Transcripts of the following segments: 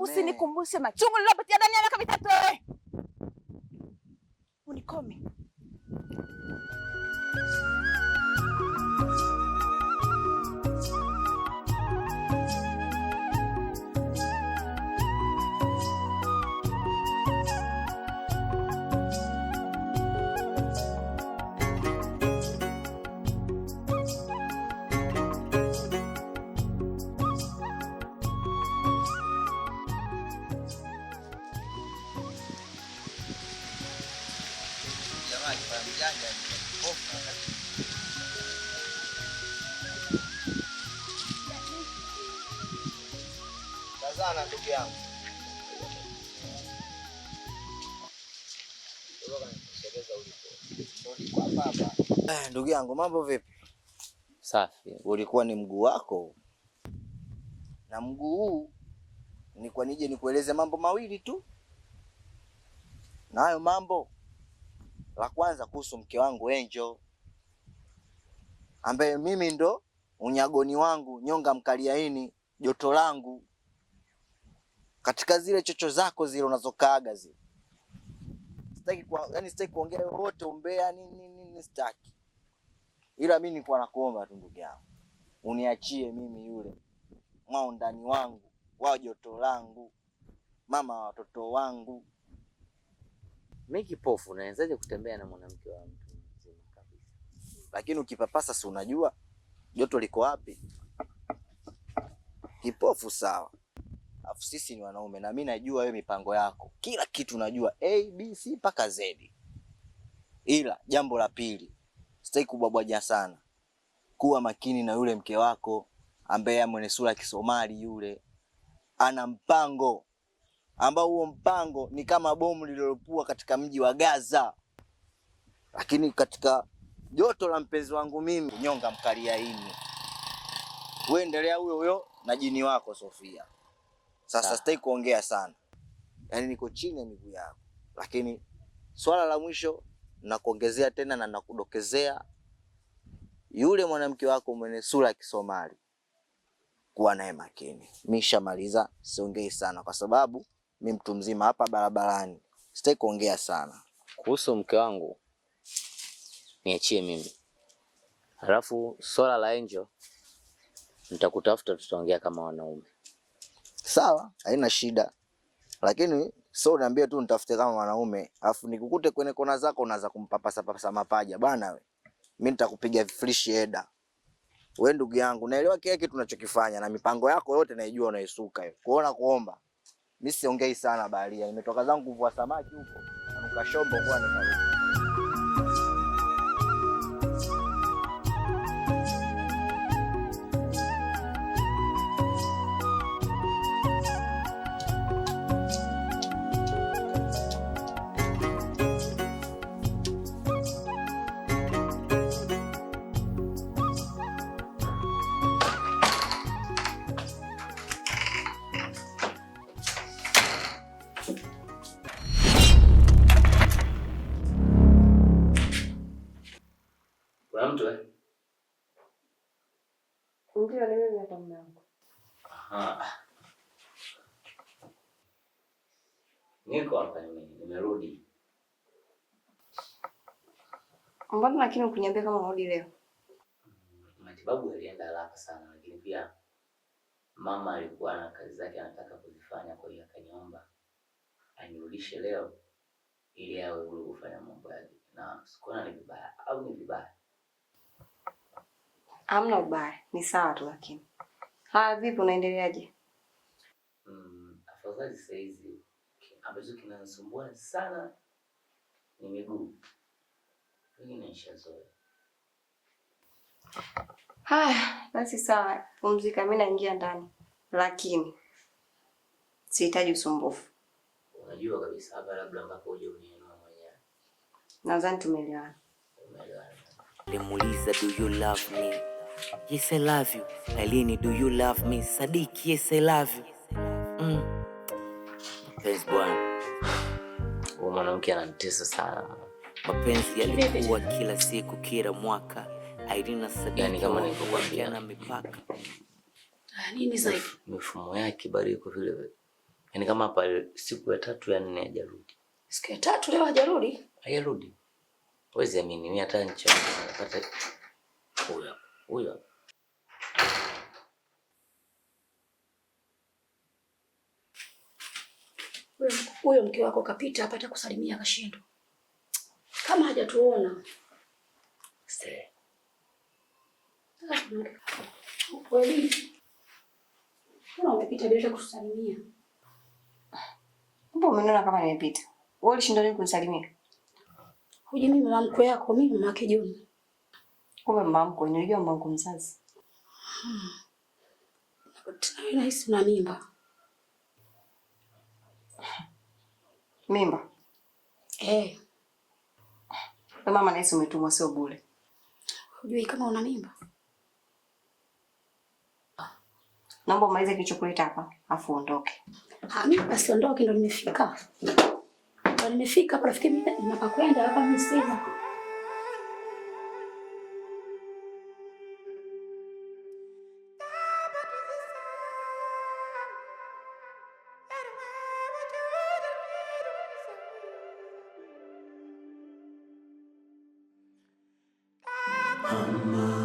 Usinikumbushe machungu nilopitia ndani ya miaka mitatu. Unikome. sana ndugu yangu. Eh, ndugu yangu mambo vipi? Safi. Ulikuwa ni mguu wako na mguu huu ni kwa nije nikueleze mambo mawili tu, na hayo mambo, la kwanza kuhusu mke wangu Enjo ambaye mimi ndo unyagoni wangu, nyonga mkaliaini, joto langu katika zile chocho zako zile unazokaaga zile. Sitaki kwa, yani sitaki kuongea yoyote umbea nini nini sitaki. Ila mimi nilikuwa nakuomba tu ndugu yangu. Uniachie mimi yule mwao ndani wangu, wa joto langu, mama wa watoto wangu. mi kipofu nawezaje kutembea na mwanamke wa mtu mzima kabisa? Lakini ukipapasa si unajua joto liko wapi? Kipofu sawa. Afu sisi ni wanaume na mimi najua hiyo mipango yako kila kitu najua A B C mpaka Z, ila jambo la pili, sitaki kubwabwaja sana. Kuwa makini na yule mke wako ambaye mwenye sura ya Kisomali yule, ana mpango ambao huo mpango ni kama bomu lililopua katika mji wa Gaza. Lakini katika joto la mpenzi wangu mimi, nyonga mkalia ini, huyo huyo na jini wako Sofia. Sasa sitaki kuongea sana, yaani niko chini ya miguu yako, lakini swala la mwisho nakuongezea tena na nakudokezea, yule mwanamke wako mwenye sura ya Kisomali kuwa naye makini. Mishamaliza, siongei sana kwa sababu mi mtu mzima hapa barabarani, sitaki kuongea sana kuhusu mke wangu. Niachie mimi, Halafu swala la Angel nitakutafuta, tutaongea kama wanaume sawa, haina shida, lakini so unaambia tu nitafute kama mwanaume, afu nikukute kwenye kona zako unaanza kumpapasa papasa mapaja bwana, we mimi nitakupiga fresh header we ndugu yangu, naelewa kile kitu unachokifanya na mipango yako yote naijua, unaisuka hiyo kuona kuomba. Mimi siongei sana, baharia nimetoka zangu kuvua samaki huko, anuka shombo kwa nikarudi. Mtu ndio ni mimi hapa mwanangu. Aha. Niko hapa nimerudi. Mbona lakini ukuniambia kama unarudi leo? Matibabu yalienda haraka sana lakini pia mama alikuwa na kazi zake anataka kuzifanya kwa hiyo akaniomba anirudishe leo ili awe huru kufanya mambo yake. Na sikuona ni vibaya au ni vibaya. Amna ubaya, ni sawa tu lakini. Haya, vipi unaendeleaje? Mm, afadhali sasa hizi ambacho kinanisumbua sana ni miguu. Hii nishazoea. Haya, basi sawa, pumzika, mimi naingia ndani. Lakini sihitaji usumbufu. Unajua kabisa hapa labda mpaka uje unielewe mwenyewe. Nadhani tumeelewana. Tumeelewana. Nilimuuliza do you love me? Yes, I love you. Lailini, do you love me? Sadiki, yes, I love you. Mm. Mapenzi bwana, huyu mwanamke ananitesa sana. Mapenzi yalikuwa kila siku, kila mwaka. Irina Sadiki, yani kama nilivyokuambia, na mipaka ah, nini sasa mifumo yake bado iko vile vile, yani kama hapa siku ya tatu ya nne hajarudi. Siku ya tatu leo hajarudi, hajarudi. Wezi amini mimi hata ncha napata huyo huyo ja. Huyo mke wako kapita apata kusalimia kashindo, Kama hajatuona. Kweli. Ah, kama umepita bila kusalimia. Mbona umeona kama nimepita? Wewe ulishinda nini kunisalimia? Hujui mimi mama mkwe yako, mimi mama yake Juma. Kumbe mamko unajua mwangu mzazi. Hmm. Tena wewe nahisi una mimba. Mimba? Eh. Na mama nahisi umetumwa sio bure. Hujui kama una mimba? Naomba umalize kilichokuleta hapa, afu uondoke. Ha, mimi basi ondoke ndo nimefika. Ndo nimefika hapa rafiki mimi ninapakwenda hapa mimi sina. Amma.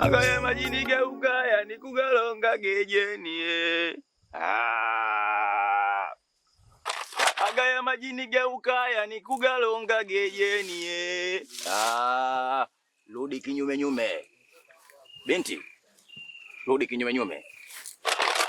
Akaya majini geuka, yani kugalonga gejeni eh. ah. Agaya majini geuka, yani kugalonga gejeni eh. Ah, rudi kinyume nyume. Binti, rudi kinyume nyume.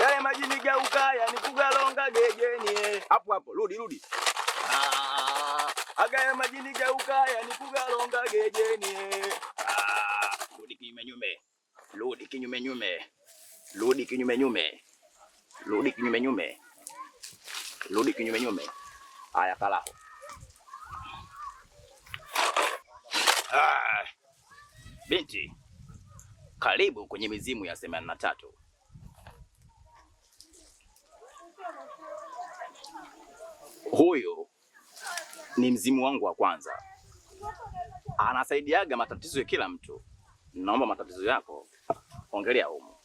Yale maji ni gauka, yani kugalonga gegeni. Hapo hapo, rudi rudi. Ah, aga ya maji ni gauka, yani kugalonga gegeni. Ah, rudi kinyume nyume. Rudi kinyume nyume. Rudi kinyume nyume. Rudi kinyume nyume. Rudi kinyume nyume. Aya, kalaho. Ah, binti, karibu kwenye mizimu ya themanini na tatu. Huyu ni mzimu wangu wa kwanza, anasaidiaga matatizo ya kila mtu. Naomba matatizo yako ongelea humu.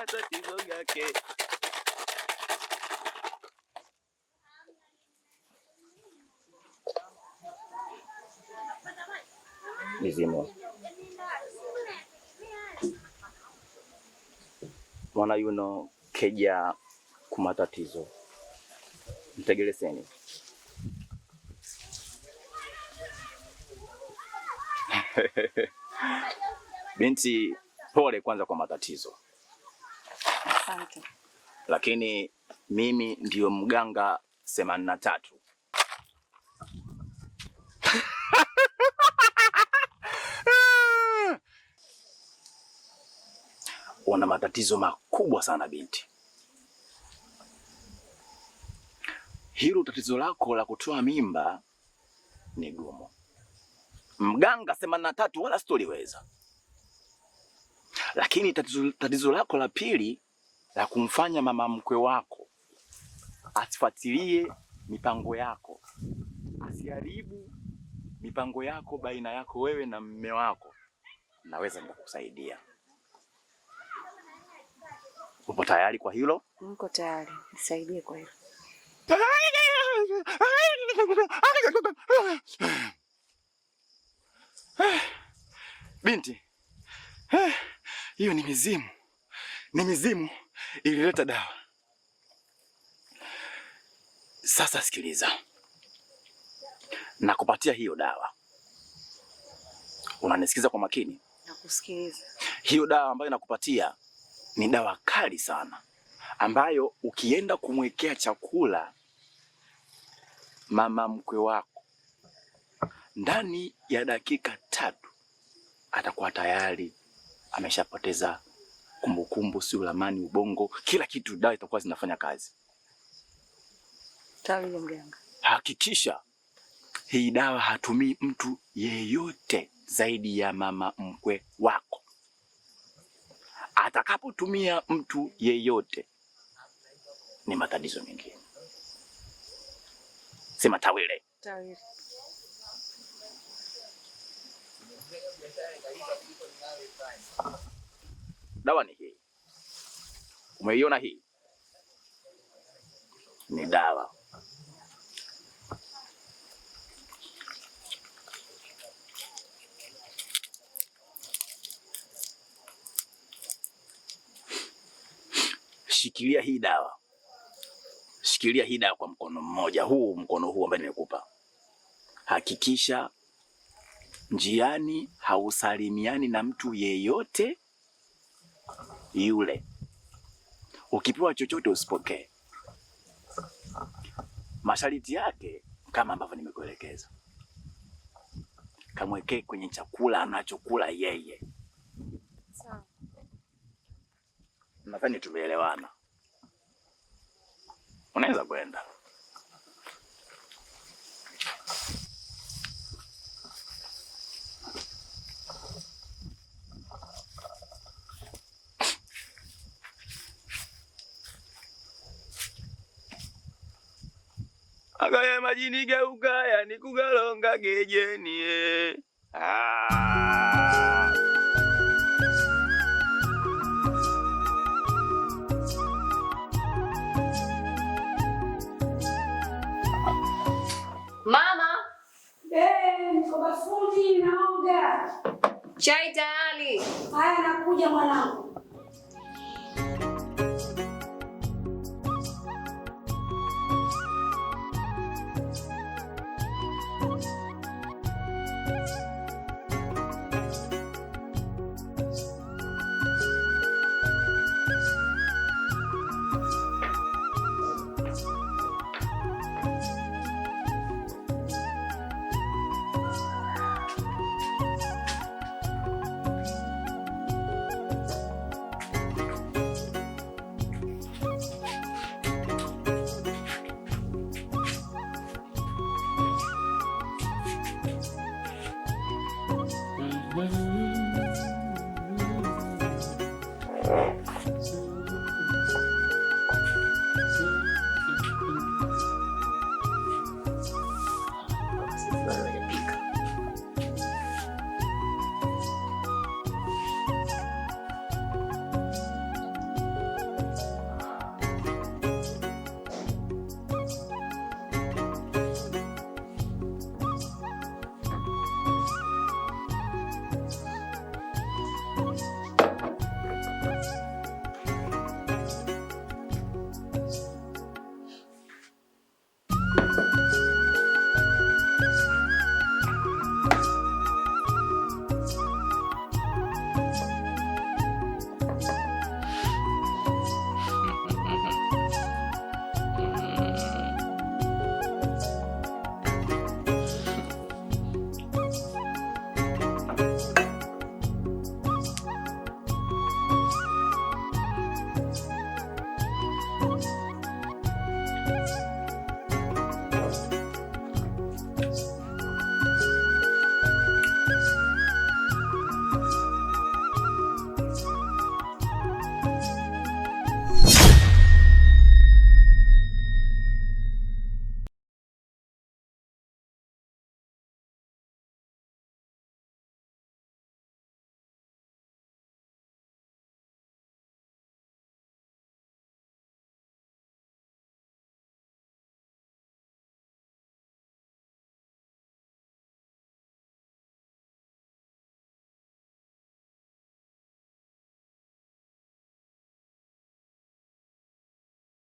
matatizo yake. mwana yuno keja kumatatizo, mtegeleseni. Binti, pole kwanza kwa matatizo. Asante. Lakini mimi ndiyo mganga themanini na tatu. Una matatizo makubwa sana binti. Hilo tatizo lako la kutoa mimba ni gumu. Mganga themanini na tatu wala sitoliweza, lakini tatizo, tatizo lako la pili la kumfanya mama mkwe wako asifuatilie mipango yako, asiharibu mipango yako baina yako wewe na mme wako, naweza nikakusaidia. Upo tayari kwa hilo? Niko tayari, nisaidie kwa hilo. Binti, hiyo ni mizimu, ni mizimu ilileta dawa. Sasa sikiliza, nakupatia hiyo dawa. Unanisikiza kwa makini? Nakusikiliza. Hiyo dawa ambayo nakupatia ni dawa kali sana, ambayo ukienda kumwekea chakula mama mkwe wako, ndani ya dakika tatu atakuwa tayari ameshapoteza kumbukumbu, sio ramani ubongo, kila kitu, dawa itakuwa zinafanya kazi. Tawi mganga, hakikisha hii dawa hatumii mtu yeyote zaidi ya mama mkwe wako. Atakapotumia mtu yeyote, ni matatizo mengine. Sema tawile, tawile. Dawa ni hii, umeiona hii ni dawa. Shikilia hii dawa, shikilia hii dawa kwa mkono mmoja, huu mkono huu ambaye nimekupa. Hakikisha njiani hausalimiani na mtu yeyote yule. Ukipewa chochote usipokee, mashariti yake kama ambavyo nimekuelekeza. Kamwekee kwenye chakula anachokula yeye. Sawa, nadhani tumeelewana. Unaweza kwenda. ya majini geuka, yani kugalonga gejeni eh. Ah. Mama, eh, niko bafuni naoga. Chai tayari. Haya, nakuja mwanangu.